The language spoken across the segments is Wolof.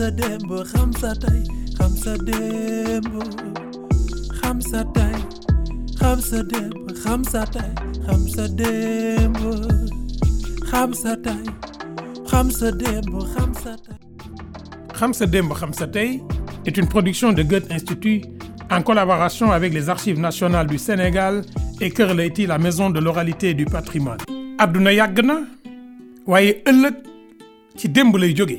sa xam sa tey xam xam sa tey une production de Goethe Institut en collaboration avec les Archives nationales du Sénégal et Kër Leyti la maison de l'oralité et du patrimoine. àdduna yàgg na waaye ëllëg ci démb lay jóge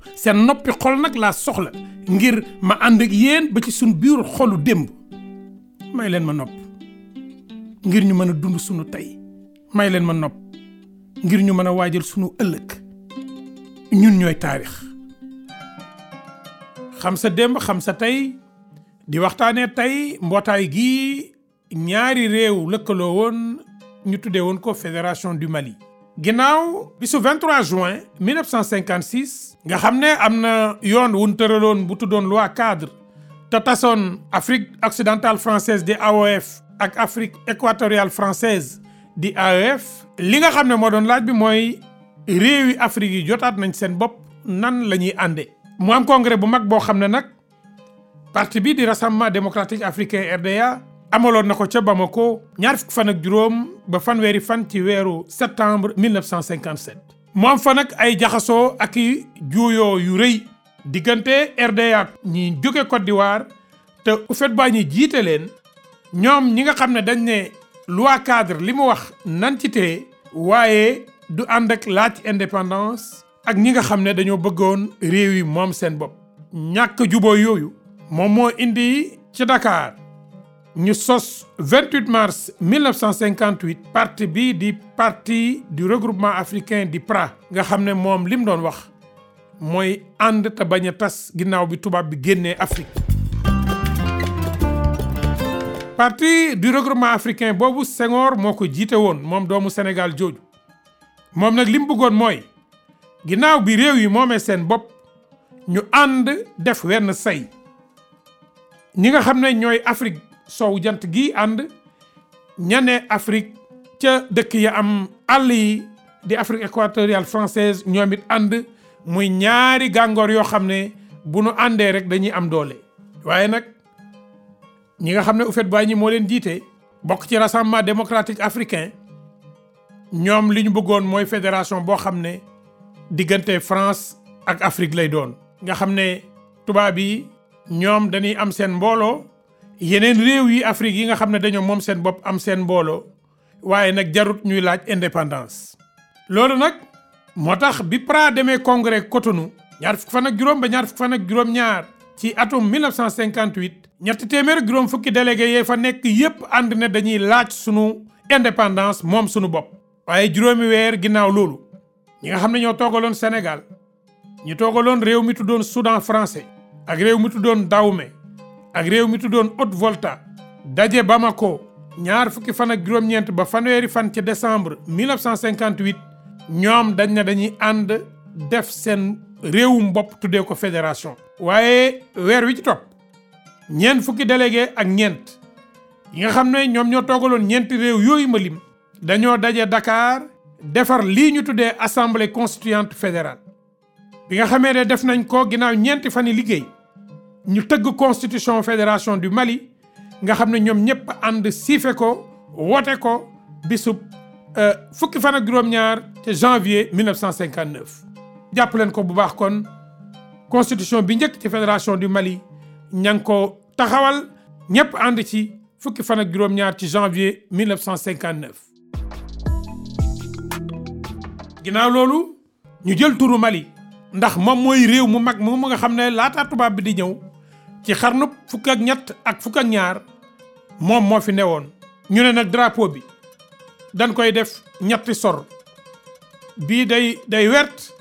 seen noppi xol nag laa soxla ngir ma ànd ak yéen ba ci suñ biir xolu démb may leen ma nopp ngir ñu mën a dund sunu tey may leen ma nopp ngir ñu mën a waajal sunu ëllëg ñun ñooy taarix xam sa démb xam sa tey di waxtaanee tey mbootaay gi ñaari réew lëkkaloo woon ñu tuddee woon ko fédération du Mali ginnaaw bisu 23 juin 1956 nga xam ne am na yoon wu ñu tëraloon bu tuddoon loi cadre te tasoon Afrique occidentale française di AOF ak Afrique équatoriale française di AEF. li nga xam ne moo doon laaj bi mooy réewi Afrique yi jotaat nañ seen bopp nan la ñuy àndee. mu am congrès bu mag boo xam ne nag parti bi di rassemblement démocratique africain RDA. amaloon na ko ca Bamako ñaar fukk fan ak juróom ba fanweeri fan ci weeru septembre 1957. mu am fa nag ay jaxasoo ak i juuyoo yu rëy diggante RDA ñi jóge Côte d'Ivoire te Houphouët-Boigny ñi jiite leen ñoom ñi nga xam ne dañ ne loi cadre li mu wax nan ci téye waaye du ànd ak laaj indépendance ak ñi nga xam ne dañoo bëggoon réew yi moom seen bopp. ñàkk juboo yooyu moom moo indi ci Dakar. ñu sos 28 mars 1958 parti bi di parti du regroupement africain di PRA nga xam ne moom li mu doon wax mooy ànd te bañ a tas ginnaaw bi tubaab bi génnee Afrique parti di regroupement africain boobu Senghor moo ko jiite woon moom doomu Sénégal jooju moom nag li mu bëggoon mooy ginnaaw bi réew yi moomee seen bopp ñu ànd def wenn say ñi nga xam ne ñooy Afrique sow jant gi ànd ña ñane Afrique ca dëkk yi am àll yi di Afrique équatoriale française ñoom it ànd muy ñaari gàngoor yoo xam ne bu nu àndee rek dañuy am doole. waaye nag ñi nga xam ne houphouët ñi moo leen jiite bokk ci rassemblement démocratique africain ñoom li ñu bëggoon mooy fédération boo xam ne diggante France ak Afrique lay doon. nga xam ne tubaab yi ñoom dañuy am seen mbooloo yeneen réew yi Afrique yi nga xam ne dañoo moom seen bopp am seen mbooloo waaye nag jarut ñuy laaj indépendance. loolu nag moo tax bi Pra demee congrès Cotonou ñaar fukk fan ak juróom ba ñaar fukk fan ak juróom-ñaar ci atum 1958 ñetti téeméer ak juróom fukki délégué yee fa nekk yépp ànd ne dañuy laaj sunu indépendance moom sunu bopp. waaye juróomi weer ginnaaw loolu ñi nga xam ne ñoo toogaloon Sénégal ñu toogaloon réew mi doon Soudan français ak réew mi tuddoon Dahomey. ak réew mi tuddoon Haute-Volta daje Bamako ñaar fukki fan ak juróom-ñeent ba fanweeri fan ca décembre 1958 ñoom dañ dañuy ànd def seen réewum bopp tuddee ko fédération. waaye weer wi topp ñeent fukki délégué ak ñeent yi nga xam ne ñoom ñoo toogaloon ñeenti réew yooyu ma dañoo daje Dakar defar lii ñu tuddee assemblée constituante fédérale bi nga xamee ne def nañ ko ginnaaw ñeenti fan yi liggéey. ñu tëgg constitution fédération du Mali nga xam ne ñoom ñëpp ànd siife ko woote ko bisub euh, fukki fan ak juróom-ñaar ca janvier 1959. jàpp leen ko bu baax kon constitution bi njëkk ci fédération du Mali ña ngi ko taxawal ñëpp ànd ci fukki fan ak juróom-ñaar ci janvier 1959. ginnaaw loolu ñu jël turu Mali ndax moom mooy réew mu mag moom mu nga xam ne laataa tubaab bi di ñëw. ci xarnub fukk ak ak fukk ñaar moom moo fi newoon. ñu ne nag drapeau bi dañ koy def ñetti sor bii day day wert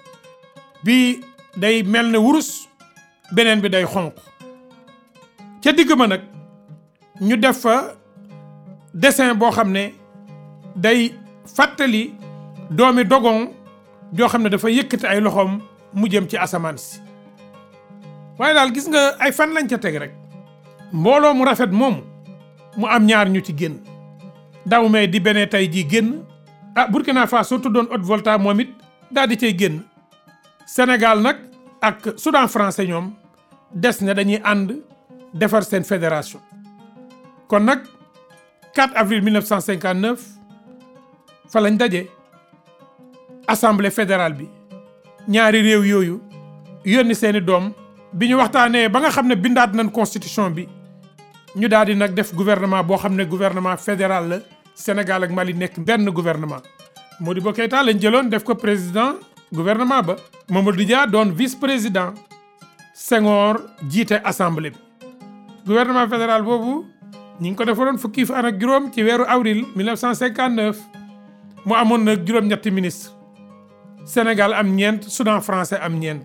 bii day mel ne wurus beneen bi day xonq ca digg ma nag ñu def fa desin boo xam ne day fàttali doomi dogon joo xam ne dafa yëkkati ay loxoom mu jëm ci asamaan si waaye daal gis nga ay fan lañ ca teg rek mbooloo mu rafet moomu mu am ñaar ñu ci génn daw may di benee tey jii génn ah Burkina Faso doon Haute Volta moom it daal di cay génn Sénégal nag ak Soudan français ñoom des ne dañuy ànd defar seen fédération kon nag 4 avril 1959 fa lañ daje assemblée fédérale bi ñaari réew yooyu yónni seeni doom bi ñu waxtaanee ba nga xam ne bindaat nan constitution bi ñu daal di nag def gouvernement boo xam ne gouvernement fédéral la Sénégal ak Mali nekk benn gouvernement. Modibo Keïta lañ jëloon def ko président gouvernement ba di Dia doon vice président Senghor jiite assemblée bi. gouvernement fédéral boobu ñi ngi ko defaroon fukki fan ak juróom ci weeru avril 1959 mu amoon na juróom-ñetti ministre Sénégal am ñeent Soudan francais am ñeent.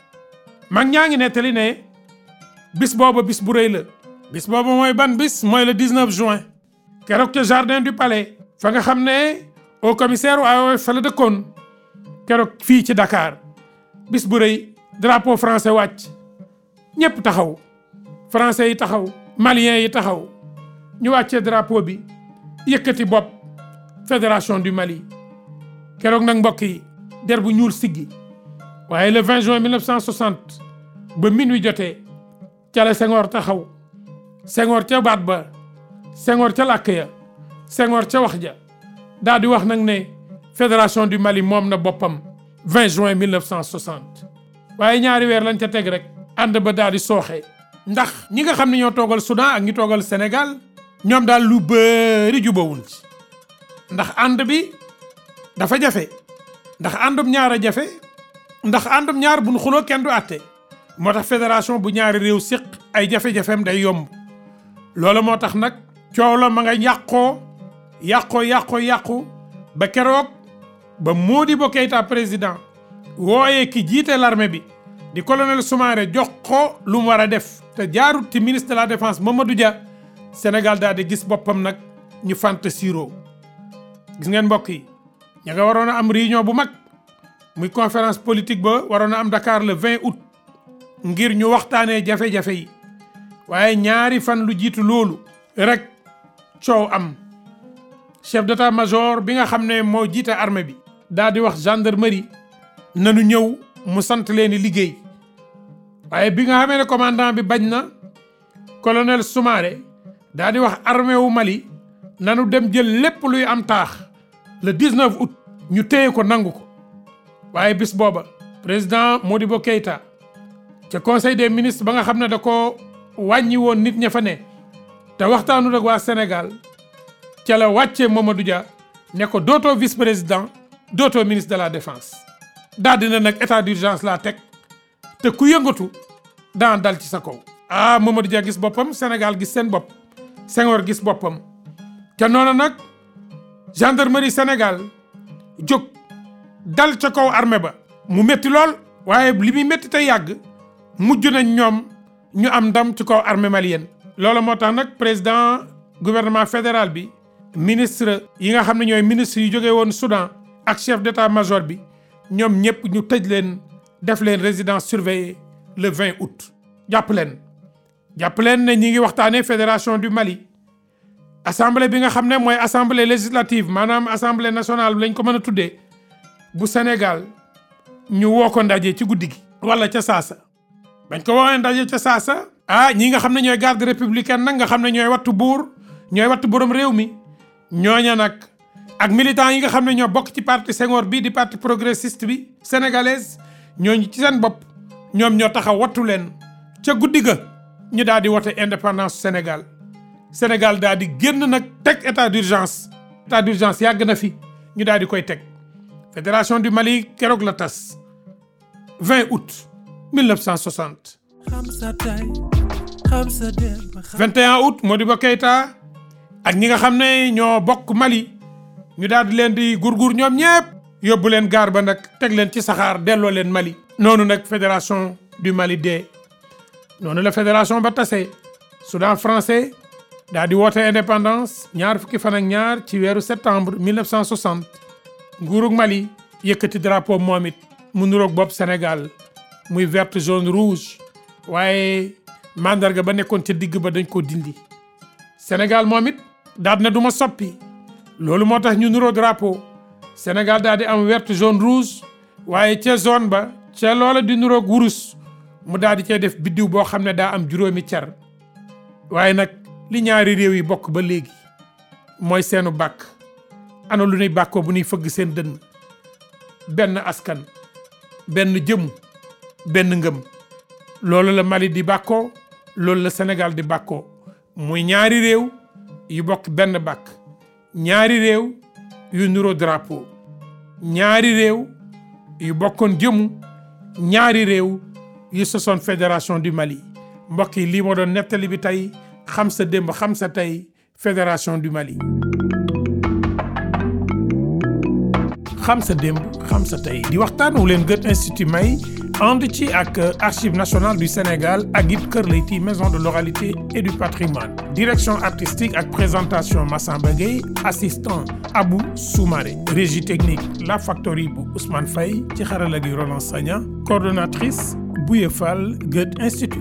mag ñaa ngi nettali ne bis booba bis bu rëy la bis booba mooy ban bis mooy le 19 juin keroog ca jardin du palais fa nga xam ne au commissaire u AOF fa la dëkkoon keroog fii ci dakaar bis bu rëy drapeau français wàcc ñëpp taxaw français yi taxaw malien yi taxaw ñu wàccee drapo bi yëkkati bopp fédération du Mali keroog nag mbokk yi der bu ñuul siggi waaye le 20 juin 1960 ba minuit jotee ca la taxaw Senghor ca baat ba Senghor ca làkk ya Senghor ca wax ja daal di wax nag ne fédération du Mali moom na boppam 20 juin 1960. waaye ñaari weer lañ ca teg rek ànd ba daal di sooxee ndax ñi nga xam ne ñoo toogal Soudan ak ñi toogal Sénégal ñoom daal lu bëri jubawuñ ci ndax ànd bi dafa jafe ndax àndum ñaar a jafe. ndax àndum ñaar buñ xuloo kenn du àtte moo tax fédération bu ñaari réew séq ay jafe-jafeem day yomb loolu moo tax nag coow la ma nga yàqoo yàqoo yàqoo yàqu ba keroog ba Modibo Keïta président wooyee ki jiite larme bi di colonel Soumaré jox ko lu mu war a def te jaarut ci ministre de la défense Mamadou Dia Sénégal daal di gis boppam nag ñu fant siro gis ngeen mbokk yi ña nga waroon am réunion bu mag muy conférence politique ba waroon am Dakar le 20 ngir ñu waxtaanee jafe-jafe yi waaye ñaari fan lu jiitu loolu rek coow am chef d'état-major bi nga xam ne moo jiite armée bi daa di wax gendarmerie nanu ñëw mu sant leen liggéey waaye bi nga xamee ne commandant bi bañ na colonel Soumaré daa di wax armée wu Mali nanu dem jël lépp luy am taax le 19 ñu téye ko nangu ko waaye bis booba président Modibo Keïta ca conseil des ministres ba nga xam ne da ko wàññi woon nit ña fa ne te waxtaanu ak waa Sénégal ca la wàcce Mamadou Dia ne ko dootoo vice président dootoo ministre de la défense daal dina nag état d'urgence laa teg te ku yëngatu daan dal ci sa kaw ah Mamadou Dia gis boppam Sénégal gis seen bopp Senghor gis boppam te noonu nag gendarmerie Sénégal jóg dal ca kaw armée ba mu métti lool waaye li muy métti te yàgg mujj nañ ñoom ñu am ndam ci kaw armée malienne loolu moo tax nag président gouvernement fédéral bi ministre yi nga xam ne ñooy ministre yu jóge woon Soudan ak chef d'état-major bi ñoom ñëpp ñu tëj leen def leen résidence surveillée le 20 août jàpp leen jàpp leen ne ñu ngi waxtaanee fédération du Mali assemblée bi nga xam ne mooy assemblée législative maanaam assemblée nationale lañ ko mën a tuddee bu Sénégal ñu woo ko ndaje ci guddi gi. wala ca saasa. bañ ko woowee ndaje ca saasa. ah ñi nga xam ne ñooy garde républicaine nag nga xam ne ñooy wattu buur ñooy wattu boroom réew mi ñooña nag ak militants yi nga xam ne ñoo bokk ci parti Senghor bi di parti progressiste bi sénégalaise ñooñu ci seen bopp ñoom ñoo taxaw wattu leen ca guddi ga ñu daal di wote indépendance Sénégal Sénégal daal di génn nag teg état d'urgence état d'urgence yàgg na fi ñu daal di koy teg. fédération du Mali keroog la tas 20 août 1960. 21 août Modibo Keïta ak ñi nga xam ne ñoo bokk Mali ñu daal di leen di gurgur ñoom ñëpp yóbbu leen gaar ba nag teg leen ci saxaar delloo leen Mali. noonu nag fédération du Mali dee noonu la fédération ba tase Soudan français daal di woote indépendance ñaar fukki fan ak ñaar ci weeru septembre 1960. nguurug Mali yëkkati drapeau moom mu nuroog bopp Sénégal muy verte jaune rouge waaye mandarga ba nekkoon ca digg ba dañ ko dindi Sénégal moom it daal na du ma soppi loolu moo tax ñu nuroo drapeau Sénégal daal di am wert jaune rouge waaye ca zone ba ca loola di nuroog wurus mu daal di cay def biddiw boo xam ne daa am juróomi cer waaye nag li ñaari réew yi bokk ba léegi mooy seenu bàkk ana lu nuy bàkkoo bu nuy fëgg seen dënn benn askan benn jëm benn ngëm loolu la Mali di bàkkoo loolu la senegal di bàkkoo muy ñaari réew yu bokk benn bàkk ñaari réew yu nuro drapeau ñaari réew yu bokkoon jëmu ñaari réew yu sosoon fédération du Mali mbokk yi lii moo doon nettali bi tey xam sa démb xam sa tey fédération du Mali xam sa démb xam sa wu leen Goethe Institut may ànd ci ak Archives nationales du Sénégal ak it Kër Leyti maison de l'oralité et du patrimoine direction artistique ak présentation Massamba Gueye assistant abu Soumaré régie technique La Factory bu Ousmane Faye ci xarala gi Roland Sagna coordonnatrice Bouye Institut